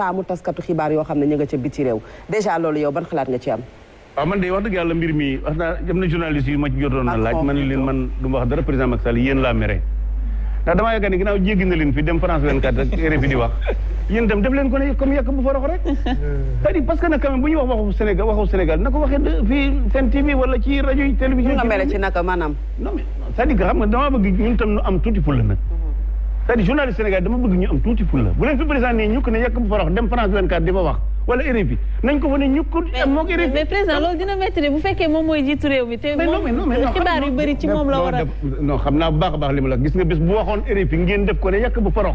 taamu taskatu xibaar yoo xam ne ñu nga ca biti réew déjà loolu yow xalaat nga ci am waaw man de wax dëgg yàlla mbir mi wax naa am na ma ci jotoon na laaj man leen man du wax dara président Macky Sall yéen laa mere ndax damaa yaakaar ni ginnaaw jéggi na leen fi dem France 24 ak RFI di wax yéen itam def leen ko ne comme yàq bu forox rek c'est-à-dire parce que bu ñuy wax waxu Sénégal waxu Sénégal na ko seen TV wala ci rajo yi télévision nga c'est-à-dire journaliste Sénégal dama bëgg ñu am tuuti fulla bu leen fi président ne ñukk ne yàkk bu fa dem France 24 wax wala RFI nañ ko fa ne ñukk ko RFI mais président loolu dina fekkee moom mooy jiitu réew a non xam naa bu baax ko ne yàkk bu farox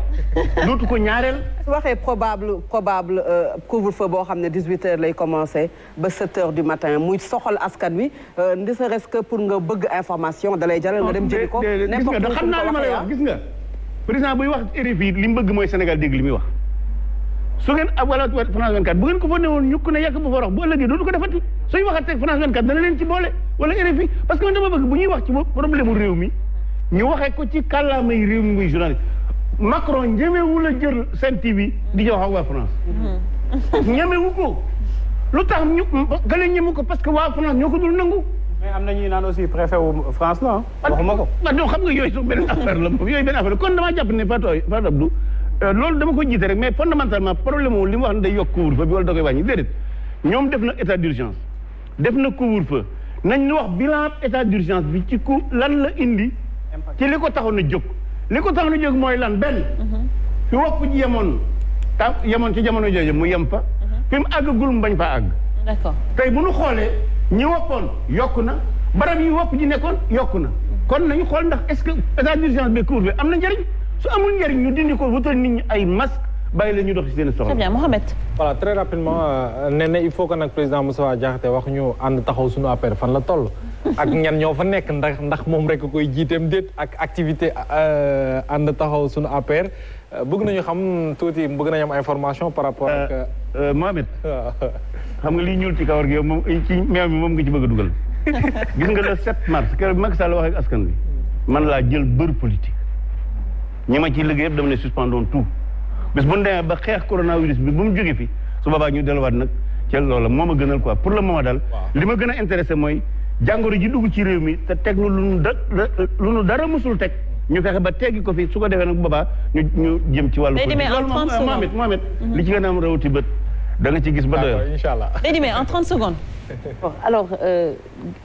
dootu ko ñaareel su probable probable euh, couvre-feu boo xam ne 18 heures lay commencé ba 7 heures du matin muy soxal askan wi euh, ne serait-ce que pour nga bëgg information dalay jaral nga dem jëli ko xam naa li ma lay wax ah. gis président buy wax RFI li mu bëgg mooy Sénégal dégg li muy wax su ngeen ab wala France 24 bu ngeen ko fa newoon ñukk ne yàq bu fa bu ëllëgee dootu ko defati suñu waxatee France 24 dana leen ci boole wala RFI parce que man bëgg bu ñuy wax ci problème réew mi ñu waxee ko ci kàllaamay réew mi muy journaliste Macron ñemewu la jël seen TV di jox ak waa France mm-hmm. ñemewu ko lu tax ñu gële ñemu ko parce que waa France mais am na ñuy naan aussi préfet wu France la ah. waxuma ko waaw donc xam nga yooyu sax benn affaire la yooyu benn affaire la kon damaa jàpp ne Fatou Fatou Abdou euh, loolu dama ko jiite rek mais fondamentalement problème wu li mu wax ne day ñoom def na état d'urgence def na couvre-feu nañ ñu wax bilan état d'urgence bi ci ku la indi. ci ko taxoon a jóg. li ko taxoon a jóg mooy lan benn. Mhm. fi wopp ji yemoon ta yemoon ci jamono jooju mu yem fa. Mhm. fi àggagul bañ faa àgg. d'accord tey bu nu xoolee. ñi woppoon yokk na barab yi wopp ji nekkoon yokk na kon nañu xool ndax est-ce que état d'urgence bi couvre am na njëriñ su amul njëriñ ñu dindi ko wutal ni ñu ay masque bàyyi la ñu dox ci seen soxla. très bien Mohamed. voilà très rapidement euh, il faut que nag président Moustapha Diakhaté wax ñu ànd taxaw suñu affaire fan la toll. ak ñan ñoo fa nekk ndax ndax moom rek koy jiiteem déet ak activité euh, ànd taxaw suñu affaire. Euh, bëgg nañu xam tuuti bëgg nañu am information par rapport ak. Euh, euh, Mohamed. xam nga liy ñuul ci kawar gi yow moom eh, ci meew mi moom nga ci bëgg a dugal. gis nga le 7 mars keroog Macky Sall wax ak askan bi man laa jël bër politique. ñi ma ciy liggéey yëpp dama ne suspendons tout bis bu ñu ba xeex coronavirus bi bu mu jógee fi su boobaa ñu delluwaat nag ca loola moo ma gënal quoi pour le moment daal. li ma gën a intéressé mooy jàngoro ji dugg ci réew mi te teg nu lu nu dara mësul teg. ñu fexe ba teggi ko fi su ko defee nag boobaa ñu ñu jëm ci wàllu. day demee en 30 euh, secondes Mohamed mhm. li ci gën a am rawati bët da nga ci gis ba doyal incha allah day demee en 30 secondes. bon alors euh,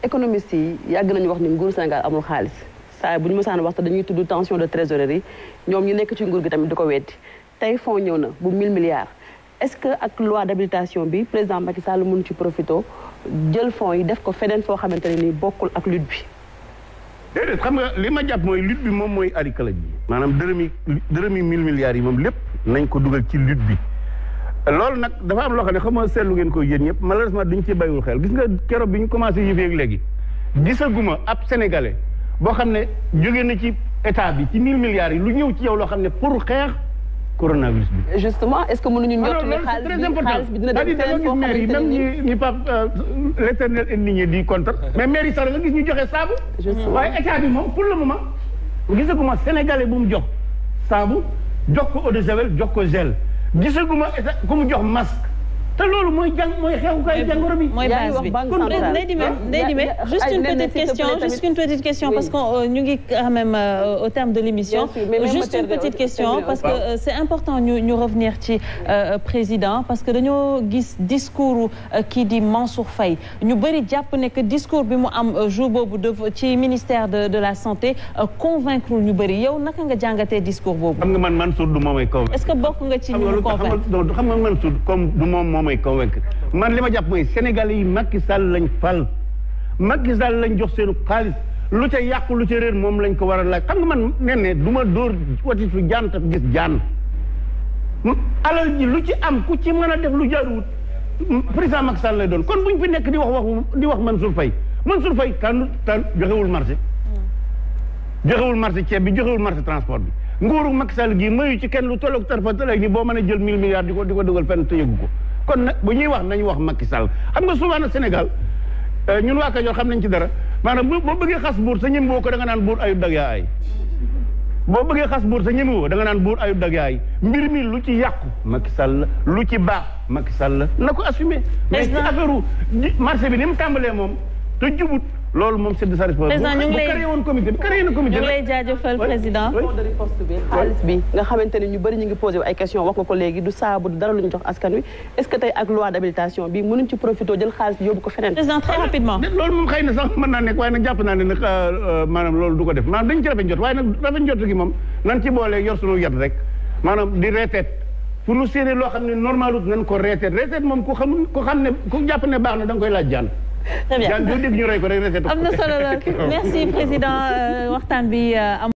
économistes yi yàgg nañu wax ni nguuru Sénégal amul xaalis saa bu ñu mësaan wax te dañuy tudd tension de trésorerie ñoom ñu nekk ci nguur gi tamit di ko weddi tey fond ñëw na bu 1000 milliards. est-ce que ak loi d'habilitation bi président Macky Sall mën ci profito jël fonds yi def ko feneen foo xamante ne nii bokkul ak lutte bi. déedéet xam nga li ma jàpp mooy lutte bi moom mooy arikala ji maanaam dërëmi dërëmi mille milliards yi moom lépp nañ ko dugal ci lutte bi loolu nag dafa am loo xam ne xam nga seetlu ngeen ko yéen ñëpp malheureusement duñ ci bàyyiwul xel gis nga keroog bi ñu commencé yëfee ak léegi gisaguma ab sénégalais boo xam ne jóge na ci état bi ci mille milliards yi lu ñëw ci yow loo xam ne pour xeex coronavirus bi. Euh, justement est-ce que mënuñu ñor ne xaalis bi xaalis bi dina dem feneen foo xamante ne même ñi ñi Pape euh, l'éternel indi ñi di contre. mais mairie sax nga gis ñu joxe saabu. waaye état bi moom pour le moment. gisaguma sénégalais bu mu jox saabu jox ko eau de javel jox ko gel gisaguma état ku mu jox masque. te loolu mooy jàng mooy xew kay jàngoro bi. mooy base bi kon Ndeye Dime Ndeye Dime juste une petite question juste une petite question parce que euh, ñu ngi quand même euh, au terme de l'émission juste une petite question parce que euh, c'est important ñu ñu revenir ci président parce que dañoo gis discours kii di Mansour Faye ñu bëri jàpp ne que discours bi mu am jour boobu de ci ministère de de la santé convaincre ñu bëri yow naka nga jàngatee discours boobu. xam nga man Mansour du moom ay convaincre. est-ce que bokk nga ci ñu convaincre xam nga Mansour comme du moom moom mooy convaincre man li ma jàpp mooy Sénégalais yi Macky Sall lañ fal Macky Sall lañ jox seenu xaalis lu ca yàqu lu ca réer moom lañ ko war a laaj xam nga man nee ne du ma dóor wati fi jaan tam gis jaan alal ji lu ci am ku ci mën a def lu jaaruwut président Macky Sall lay doon kon buñ fi nekk di wax waxu di wax Mansour Faye Mansour Faye kan tan joxewul marché joxewul marché ceeb bi joxewul marché transport bi nguuru Macky Sall gi mayu ci kenn lu tolloog tarfa talay ni boo mën a jël mille milliards di ko dugal fenn kon nag bu ñuy wax nañu wax Macky Sall xam nga souvent nag Sénégal euh, ñun waa Kajoor xam nañ ci dara maanaam boo bëggee xas buur sa ñim boo ko da naan buur ayut dag yaa ay boo bëggee xas buur sa ñim woo naan buur ayut dag yaay mbir mi lu ci yàqu Macky la lu ci baax Macky la na ko assumé mais ci affaire marché bi ni mu tàmbalee moom te jubut loolu moom c'est de sa responsabilité. bu créé woon comité bu créé na comité. ñu ngi lay jaajëfal président. fond de riposte bi xaalis bi nga xamante ne ñu bëri ñu ngi posé ay question wax nga ko léegi du saabu du dara lu ñu jox askan wi est-ce que tey ak loi d'habilitation bi mënuñ ci profité jël xaalis bi yóbbu ko feneen. président très rapidement. loolu moom xëy na sax mën naa nekk waaye nag jàpp naa ne nag euh, euh, maanaam loolu du ko def maanaam dañ ci rafet njot waaye nag rafet njot gi moom nan ci boolee yor sunu yat rek maanaam di reeteet pour nu séenee loo xam ne normalut nan ko reeteet reeteet moom ku xam ku xam ne ku jàpp ne baax na da nga koy laaj jaan très bien def ñu rey ko rek am na solo oh. merci président euh, waxtaan bi euh,